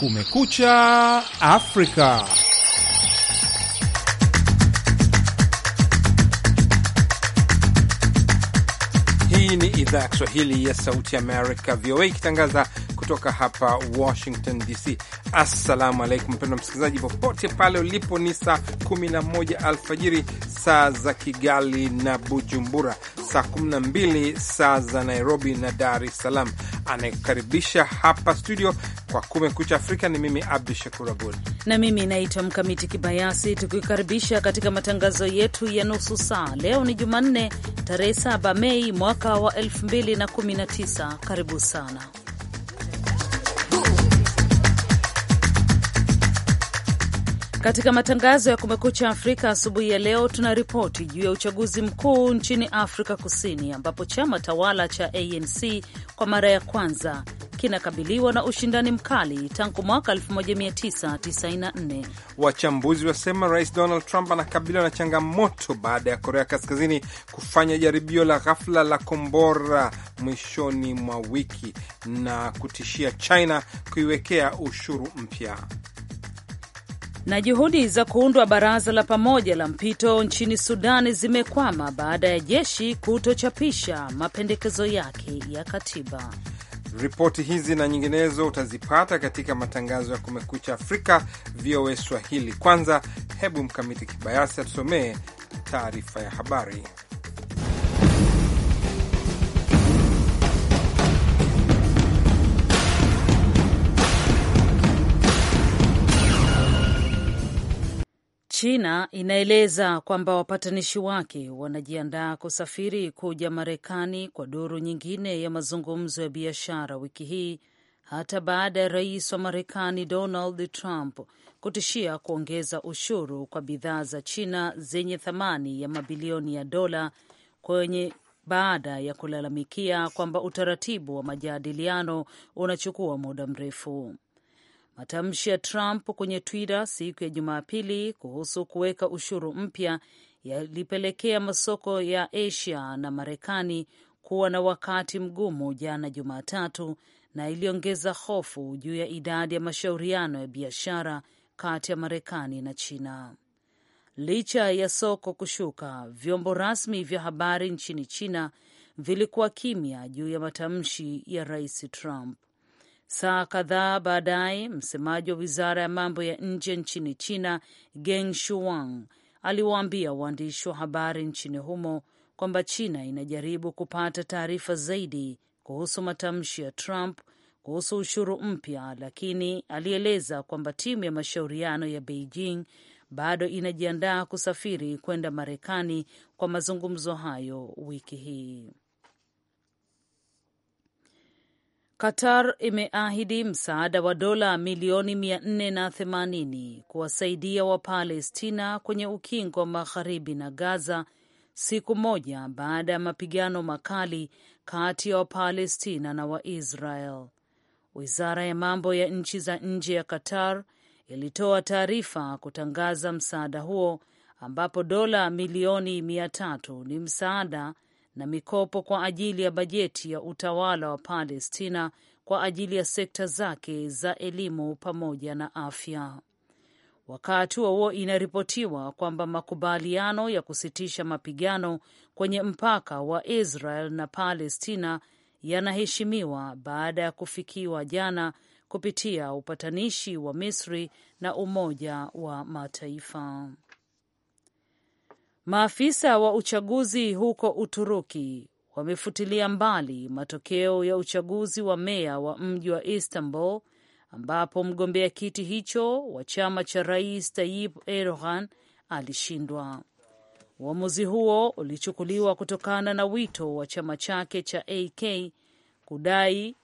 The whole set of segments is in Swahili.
Kumekucha Afrika. Hii ni idhaa ya Kiswahili ya Sauti Amerika, VOA, ikitangaza kutoka hapa Washington DC. Assalamu alaikum, mpendwa msikilizaji, popote pale ulipo. Ni saa 11 alfajiri saa za Kigali na Bujumbura, saa 12 saa za Nairobi na Dar es Salaam. Anayekaribisha hapa studio kwa Kumekucha Afrika ni mimi Abdu Shakur Abud na mimi naitwa Mkamiti Kibayasi, tukikaribisha katika matangazo yetu ya nusu saa. Leo ni Jumanne tarehe 7 Mei mwaka wa 2019. Karibu sana Katika matangazo ya Kumekucha Afrika asubuhi ya leo, tuna ripoti juu ya uchaguzi mkuu nchini Afrika Kusini, ambapo chama tawala cha ANC kwa mara ya kwanza kinakabiliwa na ushindani mkali tangu mwaka 1994. Wachambuzi wasema Rais Donald Trump anakabiliwa na changamoto baada ya Korea Kaskazini kufanya jaribio la ghafla la kombora mwishoni mwa wiki na kutishia China kuiwekea ushuru mpya. Na juhudi za kuundwa baraza la pamoja la mpito nchini Sudani zimekwama baada ya jeshi kutochapisha mapendekezo yake ya katiba. Ripoti hizi na nyinginezo utazipata katika matangazo ya Kumekucha Afrika, VOA Swahili. Kwanza hebu Mkamiti Kibayasi atusomee taarifa ya habari. China inaeleza kwamba wapatanishi wake wanajiandaa kusafiri kuja Marekani kwa duru nyingine ya mazungumzo ya biashara wiki hii hata baada ya rais wa Marekani Donald Trump kutishia kuongeza ushuru kwa bidhaa za China zenye thamani ya mabilioni ya dola kwenye baada ya kulalamikia kwamba utaratibu wa majadiliano unachukua muda mrefu. Matamshi ya Trump kwenye Twitter siku ya Jumapili kuhusu kuweka ushuru mpya yalipelekea masoko ya Asia na Marekani kuwa na wakati mgumu jana Jumatatu, na iliongeza hofu juu ya idadi ya mashauriano ya biashara kati ya Marekani na China. Licha ya soko kushuka, vyombo rasmi vya habari nchini China vilikuwa kimya juu ya matamshi ya Rais Trump. Saa kadhaa baadaye, msemaji wa wizara ya mambo ya nje nchini China, Geng Shuang, aliwaambia waandishi wa habari nchini humo kwamba China inajaribu kupata taarifa zaidi kuhusu matamshi ya Trump kuhusu ushuru mpya, lakini alieleza kwamba timu ya mashauriano ya Beijing bado inajiandaa kusafiri kwenda Marekani kwa mazungumzo hayo wiki hii. Qatar imeahidi msaada wa dola milioni 480 kuwasaidia Wapalestina kwenye ukingo wa magharibi na Gaza, siku moja baada ya mapigano makali kati ya Wapalestina na Waisrael. Wizara ya mambo ya nchi za nje ya Qatar ilitoa taarifa kutangaza msaada huo, ambapo dola milioni mia tatu ni msaada na mikopo kwa ajili ya bajeti ya utawala wa Palestina kwa ajili ya sekta zake za elimu pamoja na afya. Wakati wa huo inaripotiwa kwamba makubaliano ya kusitisha mapigano kwenye mpaka wa Israel na Palestina yanaheshimiwa baada ya kufikiwa jana kupitia upatanishi wa Misri na Umoja wa Mataifa. Maafisa wa uchaguzi huko Uturuki wamefutilia mbali matokeo ya uchaguzi wa meya wa mji wa Istanbul ambapo mgombea kiti hicho wa chama cha Rais Tayyip Erdogan alishindwa. Uamuzi huo ulichukuliwa kutokana na wito wa chama chake cha AK kudai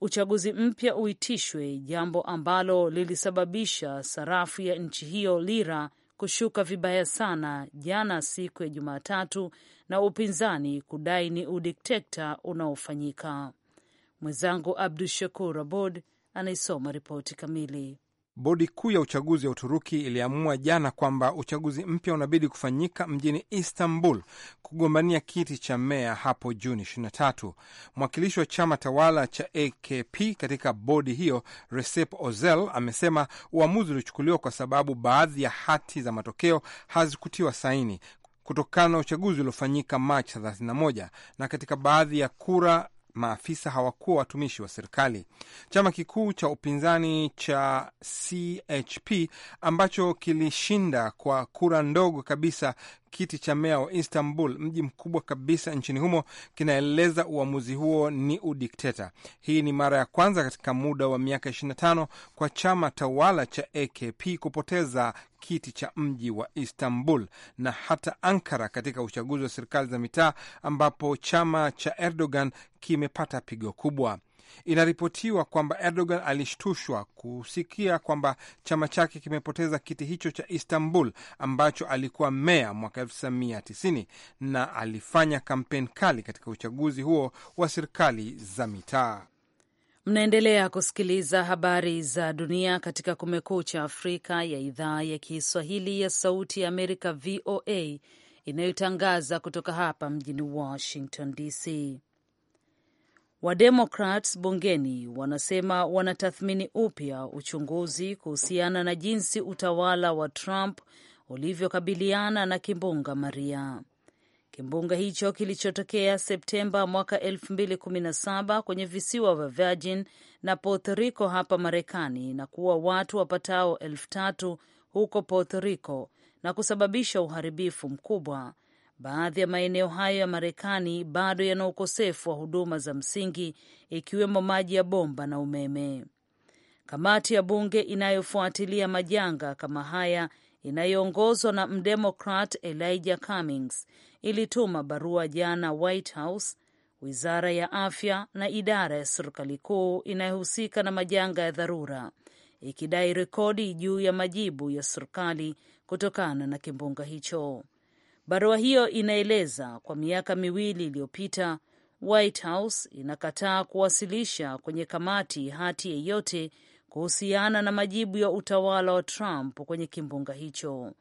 uchaguzi mpya uitishwe, jambo ambalo lilisababisha sarafu ya nchi hiyo lira kushuka vibaya sana jana siku ya Jumatatu na upinzani kudai ni udiktekta unaofanyika. Mwenzangu Abdu Shakur Abod anaisoma ripoti kamili. Bodi kuu ya uchaguzi ya Uturuki iliamua jana kwamba uchaguzi mpya unabidi kufanyika mjini Istanbul kugombania kiti cha meya hapo Juni 23. Mwakilishi wa chama tawala cha AKP katika bodi hiyo Recep Ozel amesema uamuzi uliochukuliwa kwa sababu baadhi ya hati za matokeo hazikutiwa saini kutokana na uchaguzi uliofanyika Machi 31 na katika baadhi ya kura maafisa hawakuwa watumishi wa serikali. Chama kikuu cha upinzani cha CHP ambacho kilishinda kwa kura ndogo kabisa kiti cha meya wa Istanbul, mji mkubwa kabisa nchini humo, kinaeleza uamuzi huo ni udikteta. Hii ni mara ya kwanza katika muda wa miaka 25 kwa chama tawala cha AKP kupoteza kiti cha mji wa Istanbul na hata Ankara katika uchaguzi wa serikali za mitaa ambapo chama cha Erdogan kimepata pigo kubwa. Inaripotiwa kwamba Erdogan alishtushwa kusikia kwamba chama chake kimepoteza kiti hicho cha Istanbul ambacho alikuwa meya mwaka 1990 na alifanya kampeni kali katika uchaguzi huo wa serikali za mitaa. Mnaendelea kusikiliza habari za dunia katika Kumekucha Afrika ya idhaa ya Kiswahili ya Sauti ya Amerika, VOA, inayotangaza kutoka hapa mjini Washington DC. Wademokrats bungeni wanasema wanatathmini upya uchunguzi kuhusiana na jinsi utawala wa Trump ulivyokabiliana na kimbunga Maria. Kimbunga hicho kilichotokea Septemba mwaka 2017 kwenye visiwa vya Virgin na Puerto Rico hapa Marekani na kuua watu wapatao elfu tatu huko Puerto Rico na kusababisha uharibifu mkubwa. Baadhi ya maeneo hayo ya Marekani bado yana ukosefu wa huduma za msingi ikiwemo maji ya bomba na umeme. Kamati ya bunge inayofuatilia majanga kama haya inayoongozwa na mdemokrat Elijah Cummings ilituma barua jana White House, wizara ya afya na idara ya serikali kuu inayohusika na majanga ya dharura ikidai rekodi juu ya majibu ya serikali kutokana na kimbunga hicho. Barua hiyo inaeleza, kwa miaka miwili iliyopita White House inakataa kuwasilisha kwenye kamati hati yeyote kuhusiana na majibu ya utawala wa Trump kwenye kimbunga hicho.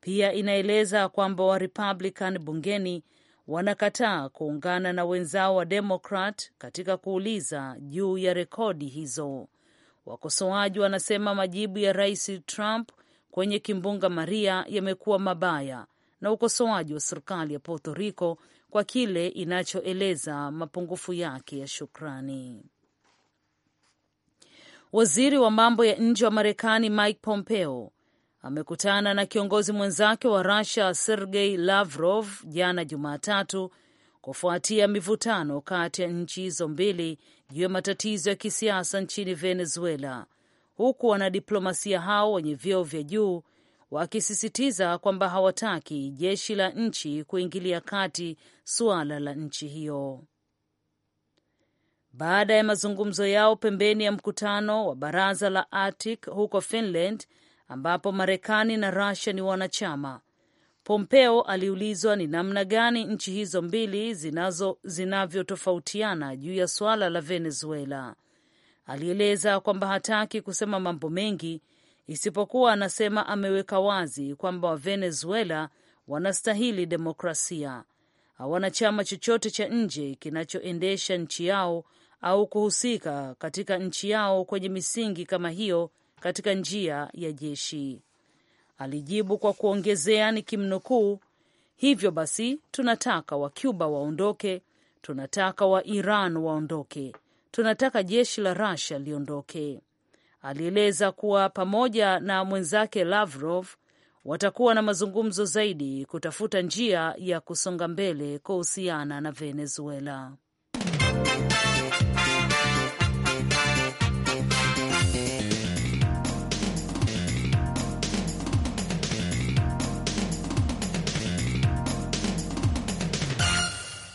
Pia inaeleza kwamba Warepublican bungeni wanakataa kuungana na wenzao wa Demokrat katika kuuliza juu ya rekodi hizo. Wakosoaji wanasema majibu ya Rais Trump kwenye kimbunga Maria yamekuwa mabaya na ukosoaji wa serikali ya Puerto Rico kwa kile inachoeleza mapungufu yake ya shukrani. Waziri wa mambo ya nje wa Marekani Mike Pompeo amekutana na kiongozi mwenzake wa Russia Sergei Lavrov jana Jumatatu kufuatia mivutano kati ya nchi hizo mbili juu ya matatizo ya kisiasa nchini Venezuela, huku wanadiplomasia hao wenye vyeo vya juu wakisisitiza kwamba hawataki jeshi la nchi kuingilia kati suala la nchi hiyo baada ya mazungumzo yao pembeni ya mkutano wa baraza la Arctic huko Finland, ambapo Marekani na rasia ni wanachama. Pompeo aliulizwa ni namna gani nchi hizo mbili zinazo zinavyotofautiana juu ya suala la Venezuela. Alieleza kwamba hataki kusema mambo mengi, isipokuwa anasema ameweka wazi kwamba Wavenezuela wanastahili demokrasia. Hawana chama chochote cha nje kinachoendesha nchi yao au kuhusika katika nchi yao kwenye misingi kama hiyo katika njia ya jeshi. Alijibu kwa kuongezea, nikimnukuu, hivyo basi tunataka Wacuba waondoke, tunataka wa Iran waondoke, tunataka jeshi la Russia liondoke. Alieleza kuwa pamoja na mwenzake Lavrov watakuwa na mazungumzo zaidi kutafuta njia ya kusonga mbele kuhusiana na Venezuela.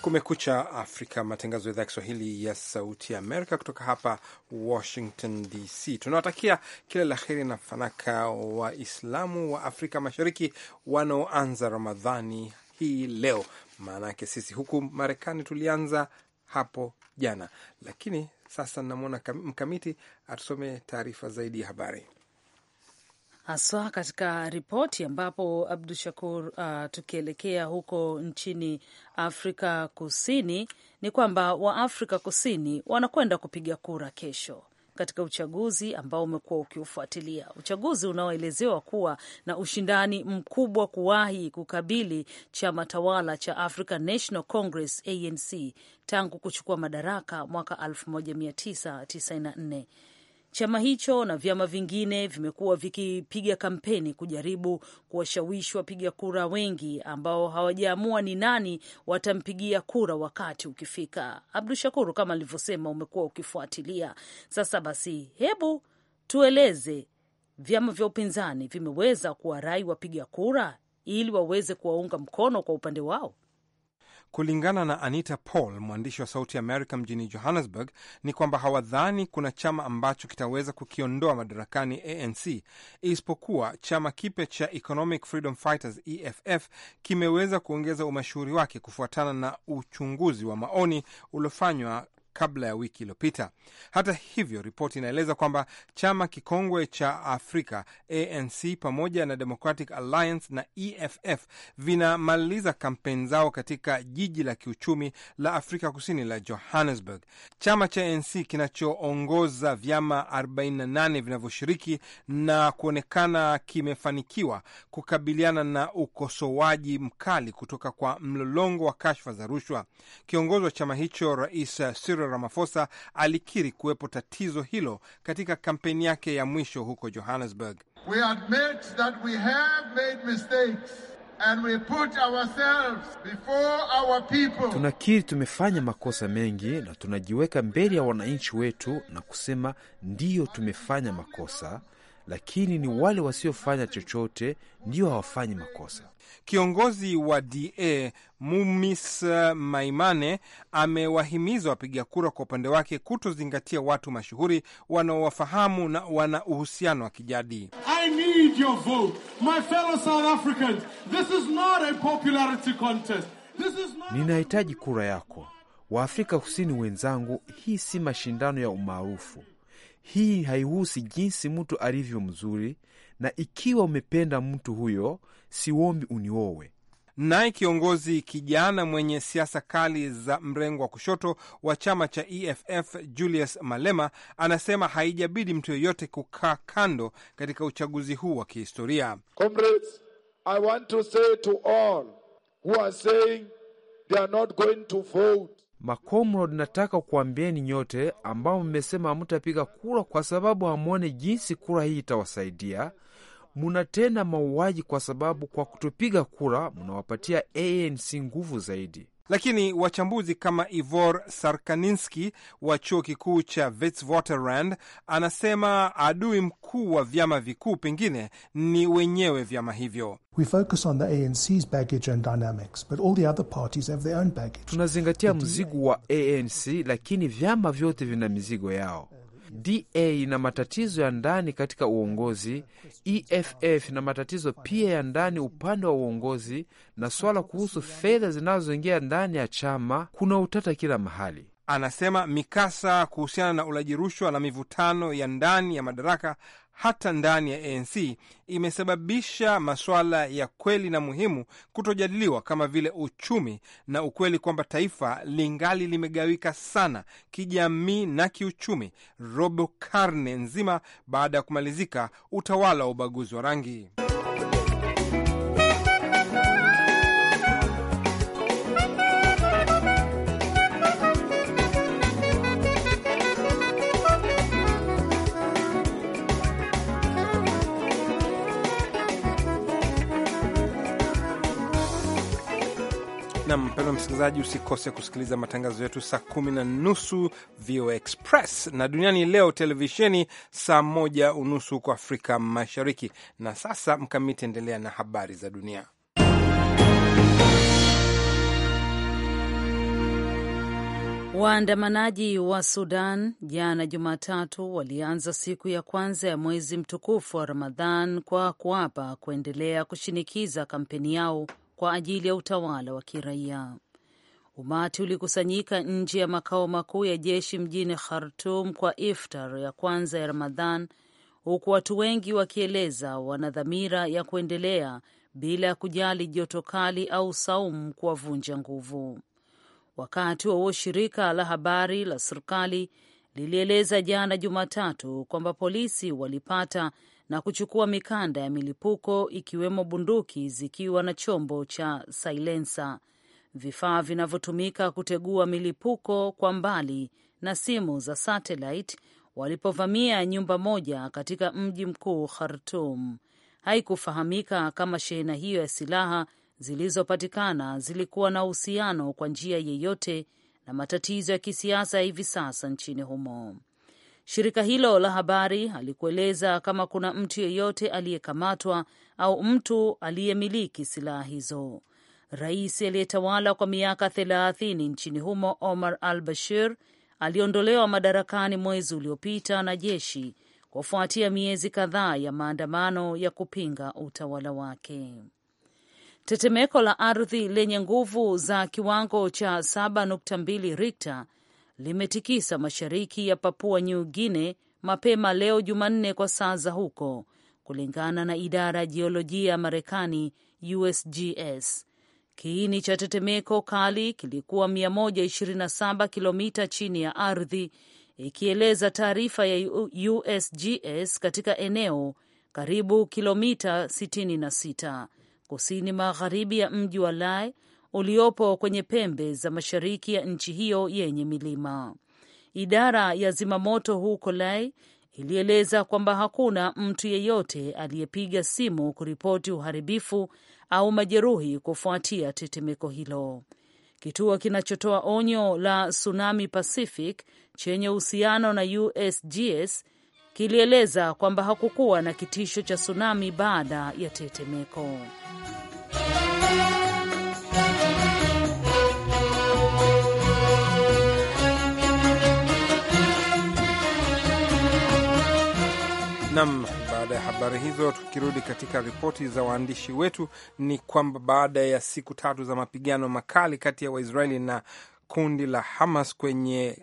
Kumekucha Afrika, matangazo ya idhaa ya Kiswahili ya Sauti ya Amerika kutoka hapa Washington DC. Tunawatakia kila la heri na fanaka Waislamu wa Afrika Mashariki wanaoanza Ramadhani hii leo, maanake sisi huku Marekani tulianza hapo jana, lakini sasa namwona mkamiti atusome taarifa zaidi ya habari haswa katika ripoti ambapo Abdu Shakur, uh, tukielekea huko nchini Afrika Kusini ni kwamba Waafrika Kusini wanakwenda kupiga kura kesho katika uchaguzi ambao umekuwa ukiufuatilia, uchaguzi unaoelezewa kuwa na ushindani mkubwa kuwahi kukabili chama tawala cha African National Congress ANC tangu kuchukua madaraka mwaka 1994. Chama hicho na vyama vingine vimekuwa vikipiga kampeni kujaribu kuwashawishi wapiga kura wengi ambao hawajaamua ni nani watampigia kura wakati ukifika. Abdu Shakuru, kama alivyosema, umekuwa ukifuatilia. Sasa basi, hebu tueleze, vyama vya upinzani vimeweza kuwarai wapiga kura ili waweze kuwaunga mkono kwa upande wao? Kulingana na Anita Paul, mwandishi wa Sauti america mjini Johannesburg, ni kwamba hawadhani kuna chama ambacho kitaweza kukiondoa madarakani ANC, isipokuwa chama kipya cha Economic Freedom Fighters EFF kimeweza kuongeza umashuhuri wake kufuatana na uchunguzi wa maoni uliofanywa kabla ya wiki iliyopita. Hata hivyo, ripoti inaeleza kwamba chama kikongwe cha Afrika ANC pamoja na Democratic Alliance na EFF vinamaliza kampeni zao katika jiji la kiuchumi la Afrika Kusini la Johannesburg. Chama cha ANC kinachoongoza vyama 48 vinavyoshiriki na kuonekana kimefanikiwa kukabiliana na ukosoaji mkali kutoka kwa mlolongo wa kashfa za rushwa. Kiongozi wa chama hicho Rais Cyril Cyril Ramaphosa alikiri kuwepo tatizo hilo katika kampeni yake ya mwisho huko Johannesburg. We admit that we have made mistakes and we put ourselves before our people. Tunakiri tumefanya makosa mengi na tunajiweka mbele ya wananchi wetu na kusema ndiyo, tumefanya makosa, lakini ni wale wasiofanya chochote ndio hawafanyi makosa. Kiongozi wa DA Mumis eh, Maimane amewahimiza wapiga kura kwa upande wake kutozingatia watu mashuhuri wanaowafahamu na wana uhusiano wa kijadi. Ninahitaji kura yako, Waafrika Kusini wenzangu, hii si mashindano ya umaarufu. Hii haihusi jinsi mtu alivyo mzuri, na ikiwa umependa mtu huyo, siombi uniowe. Naye kiongozi kijana mwenye siasa kali za mrengo wa kushoto wa chama cha EFF Julius Malema anasema haijabidi mtu yeyote kukaa kando katika uchaguzi huu wa kihistoria. Comrades, I want to say to all who are saying they are not going to vote macomrod nataka kuambieni nyote ambao mmesema hamtapiga kura kwa sababu hamwone jinsi kura hii itawasaidia. Munatenda mauaji kwa sababu kwa kutopiga kura mnawapatia ANC nguvu zaidi. Lakini wachambuzi kama Ivor Sarkaninski wa chuo kikuu cha Witwatersrand anasema adui mkuu wa vyama vikuu pengine ni wenyewe vyama hivyo. Tunazingatia mzigo wa ANC, lakini vyama vyote vina mizigo yao. DA ina matatizo ya ndani katika uongozi, EFF na matatizo pia ya ndani upande wa uongozi, na swala kuhusu fedha zinazoingia ndani ya chama kuna utata kila mahali. Anasema mikasa kuhusiana na ulaji rushwa na mivutano ya ndani ya madaraka hata ndani ya ANC imesababisha masuala ya kweli na muhimu kutojadiliwa kama vile uchumi na ukweli kwamba taifa lingali limegawika sana kijamii na kiuchumi robo karne nzima baada ya kumalizika utawala wa ubaguzi wa rangi. na mpendwa msikilizaji, usikose kusikiliza matangazo yetu saa kumi na nusu VOA Express na duniani leo televisheni saa moja unusu huko Afrika Mashariki. Na sasa Mkamiti, endelea na habari za dunia. Waandamanaji wa Sudan jana Jumatatu walianza siku ya kwanza ya mwezi mtukufu wa Ramadhan kwa kuapa kuendelea kushinikiza kampeni yao kwa ajili ya utawala wa kiraia. Umati ulikusanyika nje ya makao makuu ya jeshi mjini Khartum kwa iftar ya kwanza ya Ramadhan, huku watu wengi wakieleza wana dhamira ya kuendelea bila ya kujali joto kali au saumu kuwavunja nguvu. Wakati wa huo shirika la habari la serikali lilieleza jana Jumatatu kwamba polisi walipata na kuchukua mikanda ya milipuko ikiwemo bunduki zikiwa na chombo cha silensa, vifaa vinavyotumika kutegua milipuko kwa mbali na simu za satellite walipovamia nyumba moja katika mji mkuu Khartoum. Haikufahamika kama shehena hiyo ya silaha zilizopatikana zilikuwa na uhusiano kwa njia yeyote na matatizo ya kisiasa hivi sasa nchini humo. Shirika hilo la habari halikueleza kama kuna mtu yeyote aliyekamatwa au mtu aliyemiliki silaha hizo. Rais aliyetawala kwa miaka thelathini nchini humo Omar al Bashir aliondolewa madarakani mwezi uliopita na jeshi kufuatia miezi kadhaa ya maandamano ya kupinga utawala wake. Tetemeko la ardhi lenye nguvu za kiwango cha 7.2 Richter limetikisa mashariki ya Papua New Guinea mapema leo Jumanne kwa saa za huko, kulingana na idara ya jiolojia ya Marekani USGS. Kiini cha tetemeko kali kilikuwa 127 kilomita chini ya ardhi, ikieleza taarifa ya USGS katika eneo karibu kilomita 66 kusini magharibi ya mji wa Lae uliopo kwenye pembe za mashariki ya nchi hiyo yenye milima. Idara ya zimamoto huko Lae ilieleza kwamba hakuna mtu yeyote aliyepiga simu kuripoti uharibifu au majeruhi kufuatia tetemeko hilo. Kituo kinachotoa onyo la Tsunami Pacific chenye uhusiano na USGS kilieleza kwamba hakukuwa na kitisho cha tsunami baada ya tetemeko. Nam, baada ya habari hizo, tukirudi katika ripoti za waandishi wetu, ni kwamba baada ya siku tatu za mapigano makali kati ya Waisraeli na kundi la Hamas kwenye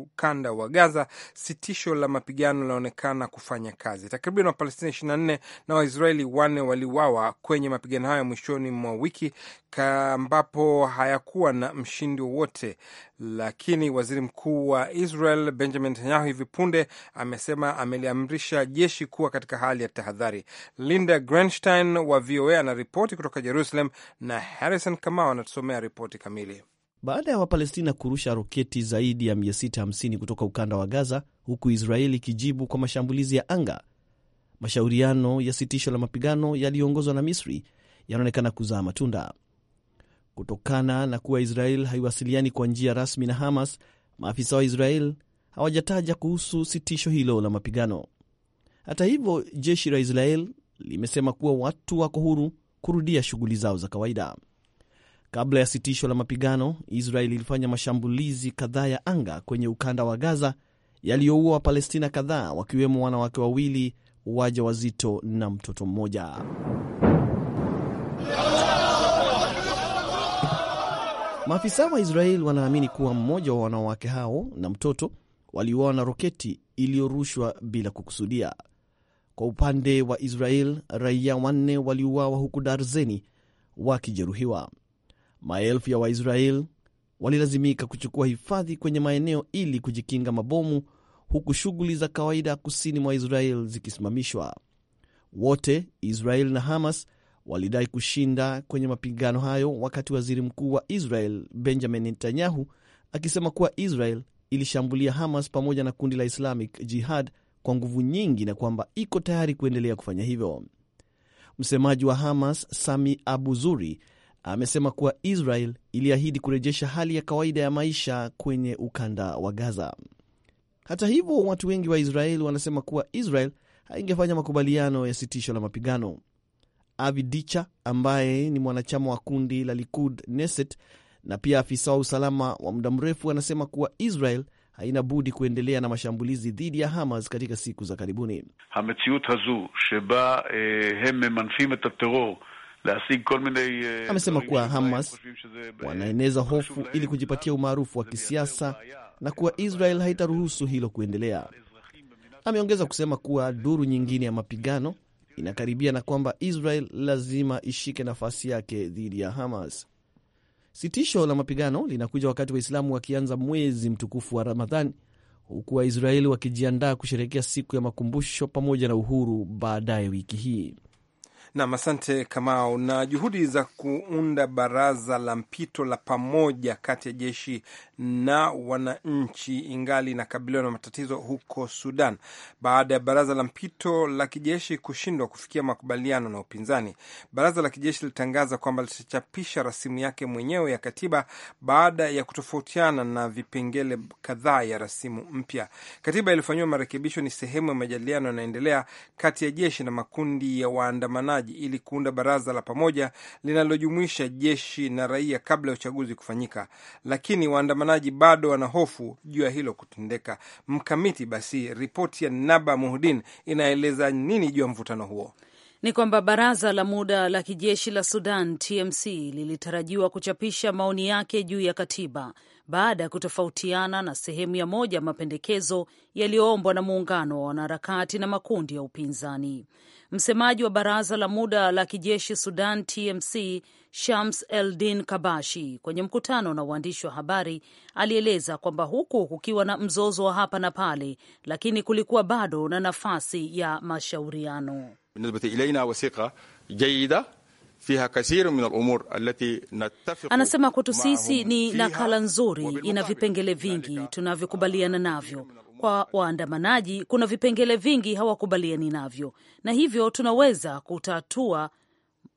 ukanda wa Gaza, sitisho la mapigano linaonekana kufanya kazi. Takriban Wapalestina 24 na Waisraeli wanne waliuawa kwenye mapigano hayo mwishoni mwa wiki, ambapo hayakuwa na mshindi wowote. Lakini waziri mkuu wa Israel Benjamin Netanyahu hivi punde amesema ameliamrisha jeshi kuwa katika hali ya tahadhari. Linda Grenstein wa VOA anaripoti kutoka Jerusalem na Harrison Kamau anatusomea ripoti kamili baada ya Wapalestina kurusha roketi zaidi ya 650 kutoka ukanda wa Gaza, huku Israeli ikijibu kwa mashambulizi ya anga. Mashauriano ya sitisho la mapigano yaliyoongozwa na Misri yanaonekana kuzaa matunda. Kutokana na kuwa Israel haiwasiliani kwa njia rasmi na Hamas, maafisa wa Israel hawajataja kuhusu sitisho hilo la mapigano. Hata hivyo, jeshi la Israel limesema kuwa watu wako huru kurudia shughuli zao za kawaida. Kabla ya sitisho la mapigano, Israel ilifanya mashambulizi kadhaa ya anga kwenye ukanda wa Gaza yaliyoua Wapalestina kadhaa wakiwemo wanawake wawili waja wazito na mtoto mmoja. Maafisa wa Israel wanaamini kuwa mmoja wa wanawake hao na mtoto waliuawa na roketi iliyorushwa bila kukusudia. Kwa upande wa Israel, raia wanne waliuawa huku darzeni wakijeruhiwa. Maelfu ya waisrael walilazimika kuchukua hifadhi kwenye maeneo ili kujikinga mabomu, huku shughuli za kawaida kusini mwa Israel zikisimamishwa. Wote Israel na Hamas walidai kushinda kwenye mapigano hayo, wakati waziri mkuu wa Israel Benjamin Netanyahu akisema kuwa Israel ilishambulia Hamas pamoja na kundi la Islamic Jihad kwa nguvu nyingi na kwamba iko tayari kuendelea kufanya hivyo. Msemaji wa Hamas Sami Abu Zuri amesema kuwa Israel iliahidi kurejesha hali ya kawaida ya maisha kwenye ukanda wa Gaza. Hata hivyo, watu wengi wa Israel wanasema kuwa Israel haingefanya makubaliano ya sitisho la mapigano. Avi Dicha ambaye ni mwanachama wa kundi la Likud Neset na pia afisa wa usalama wa muda mrefu anasema kuwa Israel haina budi kuendelea na mashambulizi dhidi ya Hamas katika siku za karibuni. hazu sheba eh, hem et Uh, Amesema kuwa Hamas wanaeneza hofu ili kujipatia umaarufu wa kisiasa na kuwa Israel haitaruhusu hilo kuendelea. Ameongeza kusema kuwa duru nyingine ya mapigano inakaribia na kwamba Israel lazima ishike nafasi yake dhidi ya Hamas. Sitisho la mapigano linakuja wakati Waislamu wakianza mwezi mtukufu wa Ramadhani, huku Waisraeli wakijiandaa kusherehekea siku ya makumbusho pamoja na uhuru baadaye wiki hii. Nam, asante Kamau. Na juhudi za kuunda baraza la mpito la pamoja kati ya jeshi na wananchi ingali inakabiliwa na matatizo huko Sudan baada ya baraza la mpito la kijeshi kushindwa kufikia makubaliano na upinzani. Baraza la kijeshi lilitangaza kwamba litachapisha rasimu yake mwenyewe ya katiba baada ya kutofautiana na vipengele kadhaa ya rasimu mpya. Katiba iliyofanyiwa marekebisho ni sehemu ya majadiliano yanaendelea kati ya jeshi na makundi ya waandamanaji uandaaji ili kuunda baraza la pamoja linalojumuisha jeshi na raia kabla ya uchaguzi kufanyika, lakini waandamanaji bado wana hofu juu ya hilo kutendeka. Mkamiti, basi ripoti ya Naba Muhudin inaeleza nini juu ya mvutano huo? Ni kwamba baraza la muda la kijeshi la Sudan TMC lilitarajiwa kuchapisha maoni yake juu ya katiba baada ya kutofautiana na sehemu ya moja ya mapendekezo yaliyoombwa na muungano wa wanaharakati na makundi ya upinzani. Msemaji wa baraza la muda la kijeshi Sudan TMC Shams Eldin Kabashi kwenye mkutano na waandishi wa habari alieleza kwamba huku kukiwa na mzozo wa hapa na pale, lakini kulikuwa bado na nafasi ya mashauriano. Anasema kwetu sisi ni nakala nzuri, ina vipengele vingi tunavyokubaliana navyo. Kwa waandamanaji kuna vipengele vingi hawakubaliani navyo, na hivyo tunaweza kutatua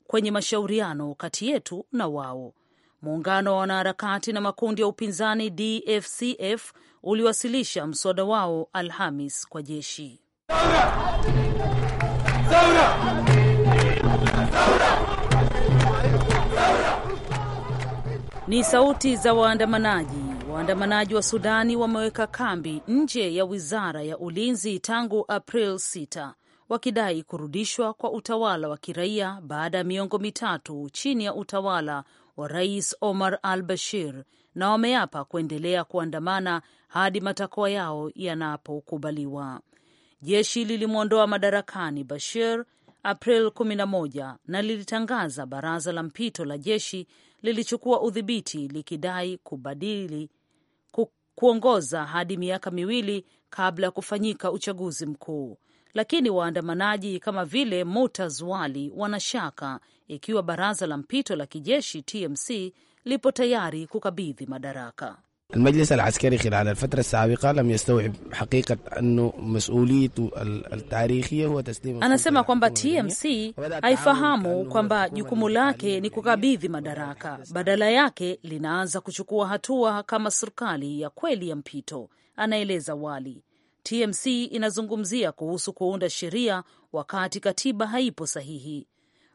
kwenye mashauriano kati yetu na wao. Muungano wa wanaharakati na makundi ya upinzani DFCF uliwasilisha mswada wao Alhamis kwa jeshi Zawra! Zawra! Zawra! Ni sauti za waandamanaji. Waandamanaji wa Sudani wameweka kambi nje ya wizara ya ulinzi tangu April 6 wakidai kurudishwa kwa utawala wa kiraia baada ya miongo mitatu chini ya utawala wa Rais Omar al Bashir, na wameapa kuendelea kuandamana hadi matakwa yao yanapokubaliwa. Jeshi lilimwondoa madarakani Bashir April 11 na lilitangaza baraza la mpito la jeshi lilichukua udhibiti likidai kubadili ku, kuongoza hadi miaka miwili kabla ya kufanyika uchaguzi mkuu, lakini waandamanaji kama vile Muta Zwali wanashaka ikiwa baraza la mpito la kijeshi TMC lipo tayari kukabidhi madaraka. المجلس العسكري خلال الفترة السابقة lam yastawib haqiqat anno masuliyetu altarikhiya huwa taslimu. Anasema kwamba TMC haifahamu kwamba jukumu lake ni kukabidhi madaraka, badala yake linaanza kuchukua hatua kama serikali ya kweli ya mpito, anaeleza Wali. TMC inazungumzia kuhusu kuunda sheria wakati katiba haipo sahihi.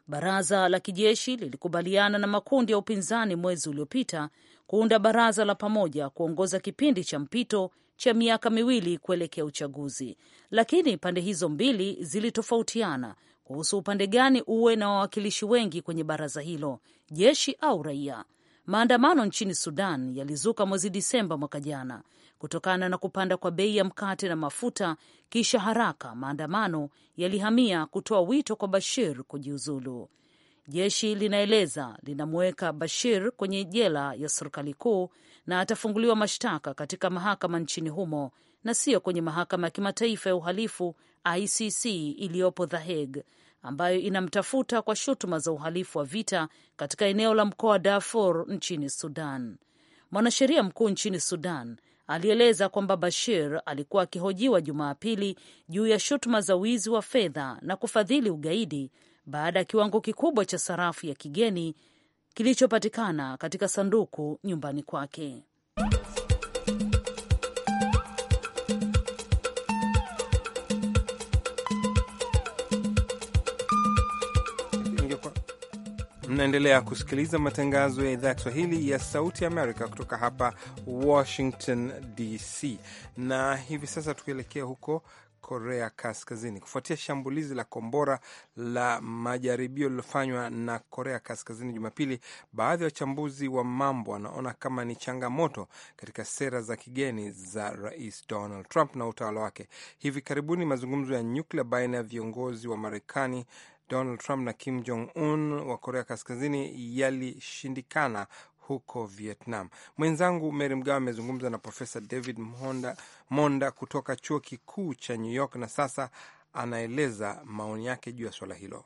Baraza la kijeshi lilikubaliana na makundi ya upinzani mwezi uliopita kuunda baraza la pamoja kuongoza kipindi cha mpito cha miaka miwili kuelekea uchaguzi, lakini pande hizo mbili zilitofautiana kuhusu upande gani uwe na wawakilishi wengi kwenye baraza hilo, jeshi au raia. Maandamano nchini Sudan yalizuka mwezi Disemba mwaka jana kutokana na kupanda kwa bei ya mkate na mafuta. Kisha haraka maandamano yalihamia kutoa wito kwa Bashir kujiuzulu. Jeshi linaeleza linamuweka Bashir kwenye jela ya serikali kuu na atafunguliwa mashtaka katika mahakama nchini humo na sio kwenye mahakama ya kimataifa ya uhalifu ICC iliyopo The Hague ambayo inamtafuta kwa shutuma za uhalifu wa vita katika eneo la mkoa wa Darfur nchini Sudan. Mwanasheria mkuu nchini Sudan alieleza kwamba Bashir alikuwa akihojiwa Jumapili juu ya shutuma za wizi wa fedha na kufadhili ugaidi baada ya kiwango kikubwa cha sarafu ya kigeni kilichopatikana katika sanduku nyumbani kwake. Mnaendelea kusikiliza matangazo ya idhaa ya Kiswahili ya Sauti Amerika kutoka hapa Washington DC, na hivi sasa tukielekea huko Korea Kaskazini kufuatia shambulizi la kombora la majaribio lililofanywa na Korea Kaskazini Jumapili, baadhi ya wachambuzi wa mambo wanaona kama ni changamoto katika sera za kigeni za Rais Donald Trump na utawala wake. Hivi karibuni mazungumzo ya nyuklia baina ya viongozi wa Marekani Donald Trump na Kim Jong Un wa Korea Kaskazini yalishindikana huko Vietnam. Mwenzangu Mary Mgawe amezungumza na Profesa David Monda, Monda kutoka chuo kikuu cha New York na sasa anaeleza maoni yake juu ya suala hilo.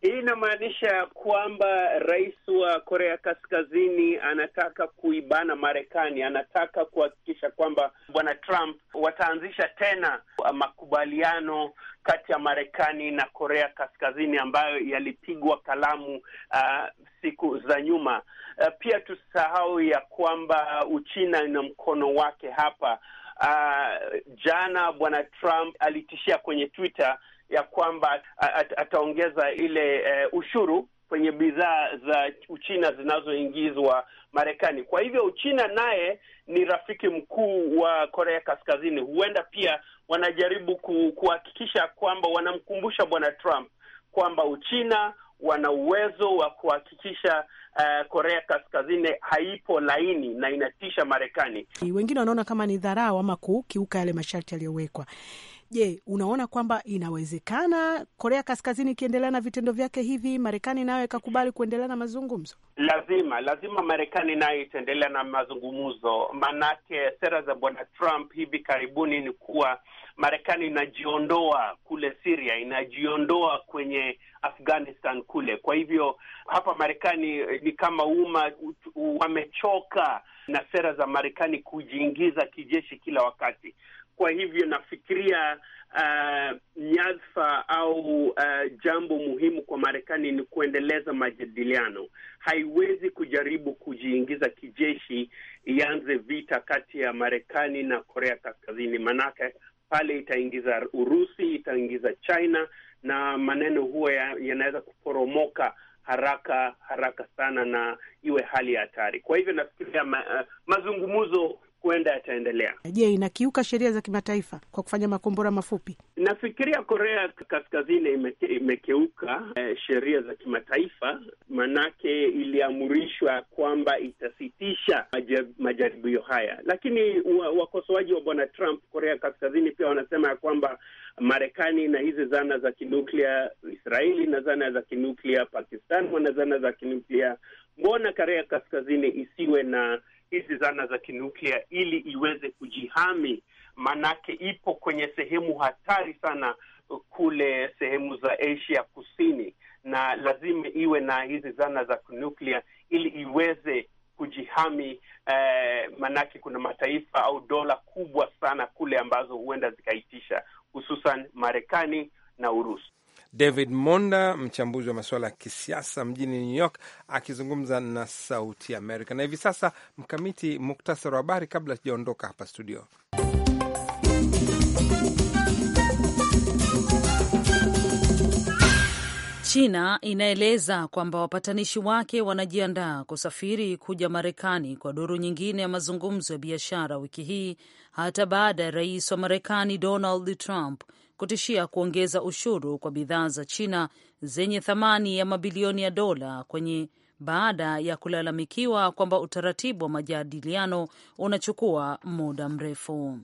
Hii inamaanisha kwamba rais wa Korea Kaskazini anataka kuibana Marekani, anataka kuhakikisha kwamba bwana Trump wataanzisha tena makubaliano kati ya Marekani na Korea Kaskazini ambayo yalipigwa kalamu uh, siku za nyuma. Uh, pia tusahau ya kwamba Uchina ina mkono wake hapa. Uh, jana bwana Trump alitishia kwenye Twitter ya kwamba at, ataongeza ile uh, ushuru kwenye bidhaa za Uchina zinazoingizwa Marekani. Kwa hivyo Uchina naye ni rafiki mkuu wa Korea Kaskazini. Huenda pia wanajaribu kuhakikisha kwamba wanamkumbusha Bwana Trump kwamba Uchina wana uwezo wa kuhakikisha uh, Korea Kaskazini haipo laini na inatisha Marekani. Wengine wanaona kama ni dharau ama kukiuka yale masharti yaliyowekwa. Je, unaona kwamba inawezekana Korea Kaskazini ikiendelea na vitendo vyake hivi, Marekani nayo ikakubali kuendelea na mazungumzo? Lazima lazima Marekani nayo itaendelea na mazungumzo, maanake sera za bwana Trump hivi karibuni ni kuwa Marekani inajiondoa kule siria inajiondoa kwenye Afghanistan kule. Kwa hivyo hapa Marekani eh, ni kama umma wamechoka na sera za Marekani kujiingiza kijeshi kila wakati. Kwa hivyo nafikiria uh, nyadhifa au uh, jambo muhimu kwa Marekani ni kuendeleza majadiliano. Haiwezi kujaribu kujiingiza kijeshi, ianze vita kati ya Marekani na Korea Kaskazini, manake pale itaingiza Urusi, itaingiza China na maneno huwa yanaweza ya kuporomoka haraka haraka sana na iwe hali ya hatari. Kwa hivyo nafikiria ma, uh, mazungumzo huenda yataendelea. Je, inakiuka sheria za kimataifa kwa kufanya makombora mafupi? Nafikiria Korea Kaskazini imeke, imekeuka eh, sheria za kimataifa, manake iliamurishwa kwamba itasitisha majaribio haya, lakini wakosoaji wa bwana Trump Korea Kaskazini pia wanasema ya kwamba Marekani na hizi zana za kinuklia, Israeli na zana za kinuklia, Pakistan wana zana za kinuklia, mbona Korea Kaskazini isiwe na hizi zana za kinuklia ili iweze kujihami, manake ipo kwenye sehemu hatari sana kule sehemu za Asia Kusini, na lazima iwe na hizi zana za kinuklia ili iweze kujihami eh, manake kuna mataifa au dola kubwa sana kule ambazo huenda zikaitisha, hususan Marekani na Urusi. David Monda, mchambuzi wa masuala ya kisiasa mjini New York, akizungumza na Sauti Amerika. Na hivi sasa mkamiti muktasari wa habari kabla sijaondoka hapa studio. China inaeleza kwamba wapatanishi wake wanajiandaa kusafiri kuja Marekani kwa duru nyingine ya mazungumzo ya biashara wiki hii, hata baada ya rais wa Marekani Donald Trump kutishia kuongeza ushuru kwa bidhaa za China zenye thamani ya mabilioni ya dola kwenye baada ya kulalamikiwa kwamba utaratibu wa majadiliano unachukua muda mrefu.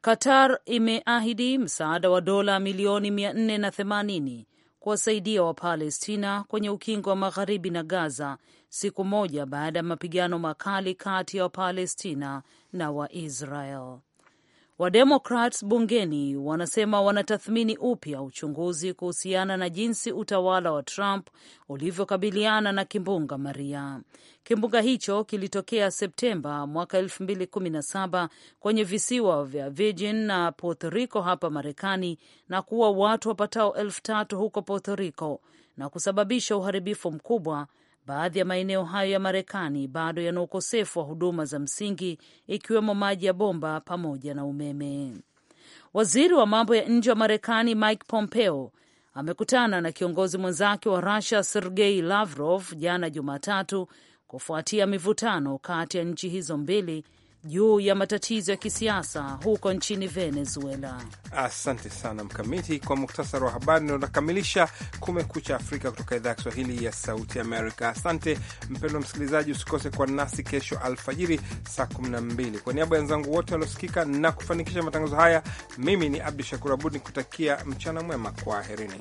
Qatar imeahidi msaada wa dola milioni 480 kuwasaidia Wapalestina kwenye ukingo wa magharibi na Gaza, siku moja baada ya mapigano makali kati ya Wapalestina na Waisrael. Wademokrats bungeni wanasema wanatathmini upya uchunguzi kuhusiana na jinsi utawala wa Trump ulivyokabiliana na kimbunga Maria. Kimbunga hicho kilitokea Septemba mwaka 2017 kwenye visiwa vya Virgin na Puerto Rico hapa Marekani na kuua watu wapatao elfu tatu huko Puerto Rico na kusababisha uharibifu mkubwa Baadhi ya maeneo hayo ya Marekani bado yana ukosefu wa huduma za msingi ikiwemo maji ya bomba pamoja na umeme. Waziri wa mambo ya nje wa Marekani Mike Pompeo amekutana na kiongozi mwenzake wa Rusia Sergei Lavrov jana Jumatatu kufuatia mivutano kati ya nchi hizo mbili juu ya matatizo ya kisiasa huko nchini Venezuela. Asante sana Mkamiti kwa muktasari wa habari, na unakamilisha Kumekucha Afrika kutoka idhaa ya Kiswahili ya Sauti Amerika. Asante mpendwa msikilizaji, usikose kwa nasi kesho alfajiri saa 12. Kwa niaba ya wenzangu wote waliosikika na kufanikisha matangazo haya, mimi ni Abdu Shakur Abud nikutakia mchana mwema, kwaherini.